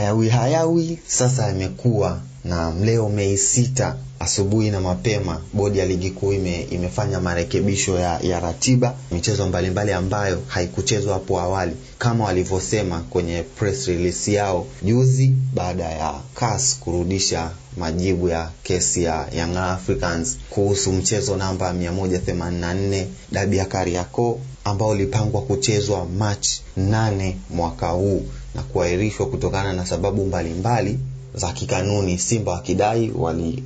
hayawi hayawi sasa yamekuwa na leo Mei sita asubuhi na mapema, bodi ya ligi kuu ime, imefanya marekebisho ya, ya ratiba michezo mbalimbali mbali ambayo haikuchezwa hapo awali kama walivyosema kwenye press release yao juzi, baada ya CAS kurudisha majibu ya kesi ya Young Africans kuhusu mchezo namba 184 dabi ya Kariakoo ambao ulipangwa kuchezwa mach 8 mwaka huu na kuahirishwa kutokana na sababu mbalimbali mbali za kikanuni. Simba wakidai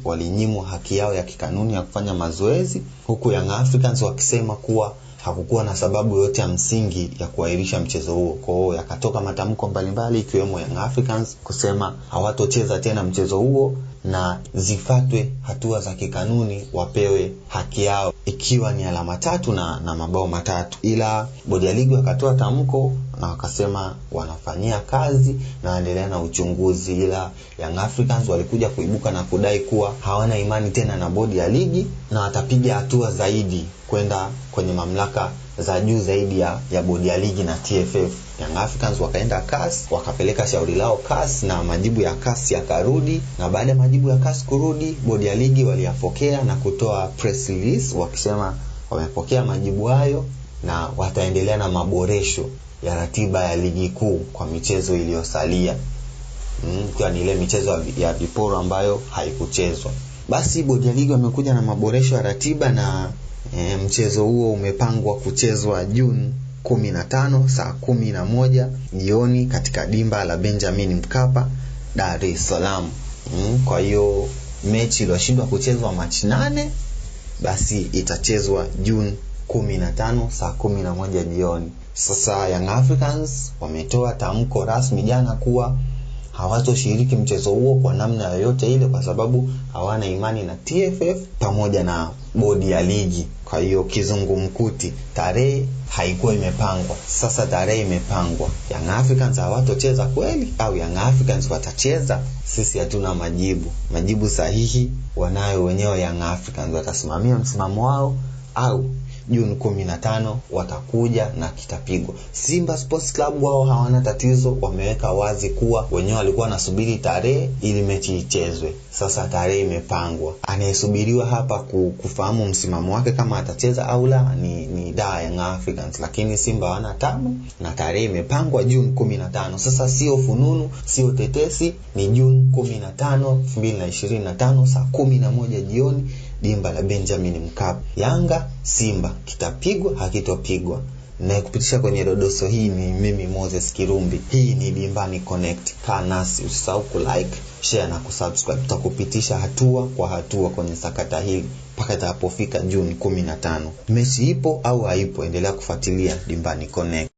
walinyimwa wali haki yao ya kikanuni ya kufanya mazoezi, huku Young Africans wakisema kuwa hakukuwa na sababu yoyote ya msingi ya kuahirisha mchezo huo. Kwa hiyo yakatoka matamko mbalimbali ikiwemo Young Africans kusema hawatocheza tena mchezo huo na zifatwe hatua za kikanuni, wapewe haki yao ikiwa ni alama tatu na, na mabao matatu. Ila bodi ya ligi wakatoa tamko na wakasema wanafanyia kazi na waendelea na uchunguzi, ila Young Africans walikuja kuibuka na kudai kuwa hawana imani tena na bodi ya ligi na watapiga hatua zaidi kwenda kwenye mamlaka za juu zaidi ya, ya bodi ya ligi na TFF. Young Africans wakaenda kas wakapeleka shauri lao kas na majibu ya kas yakarudi, na baada ya majibu ya kas kurudi, bodi ya ligi waliyapokea na kutoa press release wakisema wamepokea majibu hayo na wataendelea na maboresho ya ratiba ya ligi kuu kwa michezo iliyosalia mm, kwa ni ile michezo ya viporo ambayo haikuchezwa. Basi bodi ya ligi wamekuja na maboresho ya ratiba na e, mchezo huo umepangwa kuchezwa Juni 15 saa 11 jioni katika dimba la Benjamin Mkapa Dar es Salaam. Mm, kwa hiyo mechi iliyoshindwa kuchezwa Machi nane basi itachezwa Juni 15 saa 11 jioni. Sasa Young Africans wametoa tamko rasmi jana kuwa hawatoshiriki mchezo huo kwa namna yoyote ile, kwa sababu hawana imani na TFF pamoja na bodi ya ligi. Kwa hiyo kizungumkuti, tarehe haikuwa imepangwa, sasa tarehe imepangwa. Young Africans hawatocheza kweli au Young Africans watacheza? Sisi hatuna majibu. Majibu sahihi wanayo wenyewe Young Africans, watasimamia msimamo wao au Juni kumi na tano watakuja na kitapigwa. Simba Sports Club wao hawana tatizo, wameweka wazi kuwa wenyewe walikuwa wanasubiri tarehe ili mechi ichezwe. Sasa tarehe imepangwa, anayesubiriwa hapa kufahamu msimamo wake kama atacheza au la ni, ni daa Young Africans, lakini Simba hawana tamu na tarehe imepangwa Juni kumi na tano. Sasa sio fununu, sio tetesi, ni Juni kumi na tano elfu mbili na ishirini na tano saa kumi na moja jioni dimba la Benjamin Mkapa. Yanga Simba kitapigwa hakitopigwa na kupitisha kwenye dodoso hii ni mimi Moses Kirumbi. Hii ni Dimbani Connect. Kaa nasi, usisahau kulike, share na kusubscribe. Tutakupitisha hatua kwa hatua kwenye sakata hili mpaka itakapofika Juni 15. Mechi ipo au haipo, endelea kufuatilia Dimbani Connect.